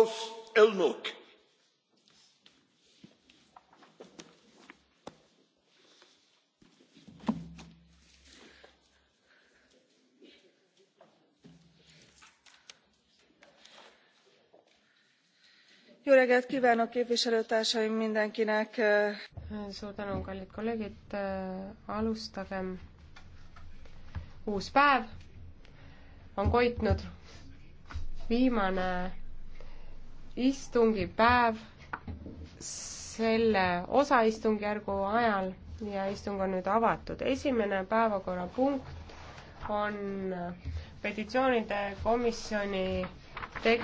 klaus elnök! jó reggelt kvánok képviselőtársaim mindenkinek! Eh, suur tänu kallid kolleegid eh, alustagem uus päev on koitnud viimane istungipäev selle osaistungjärgu ajal ja istung on nüüd avatud. esimene päevakorrapunkt on petitsioonide komisjoni tege-,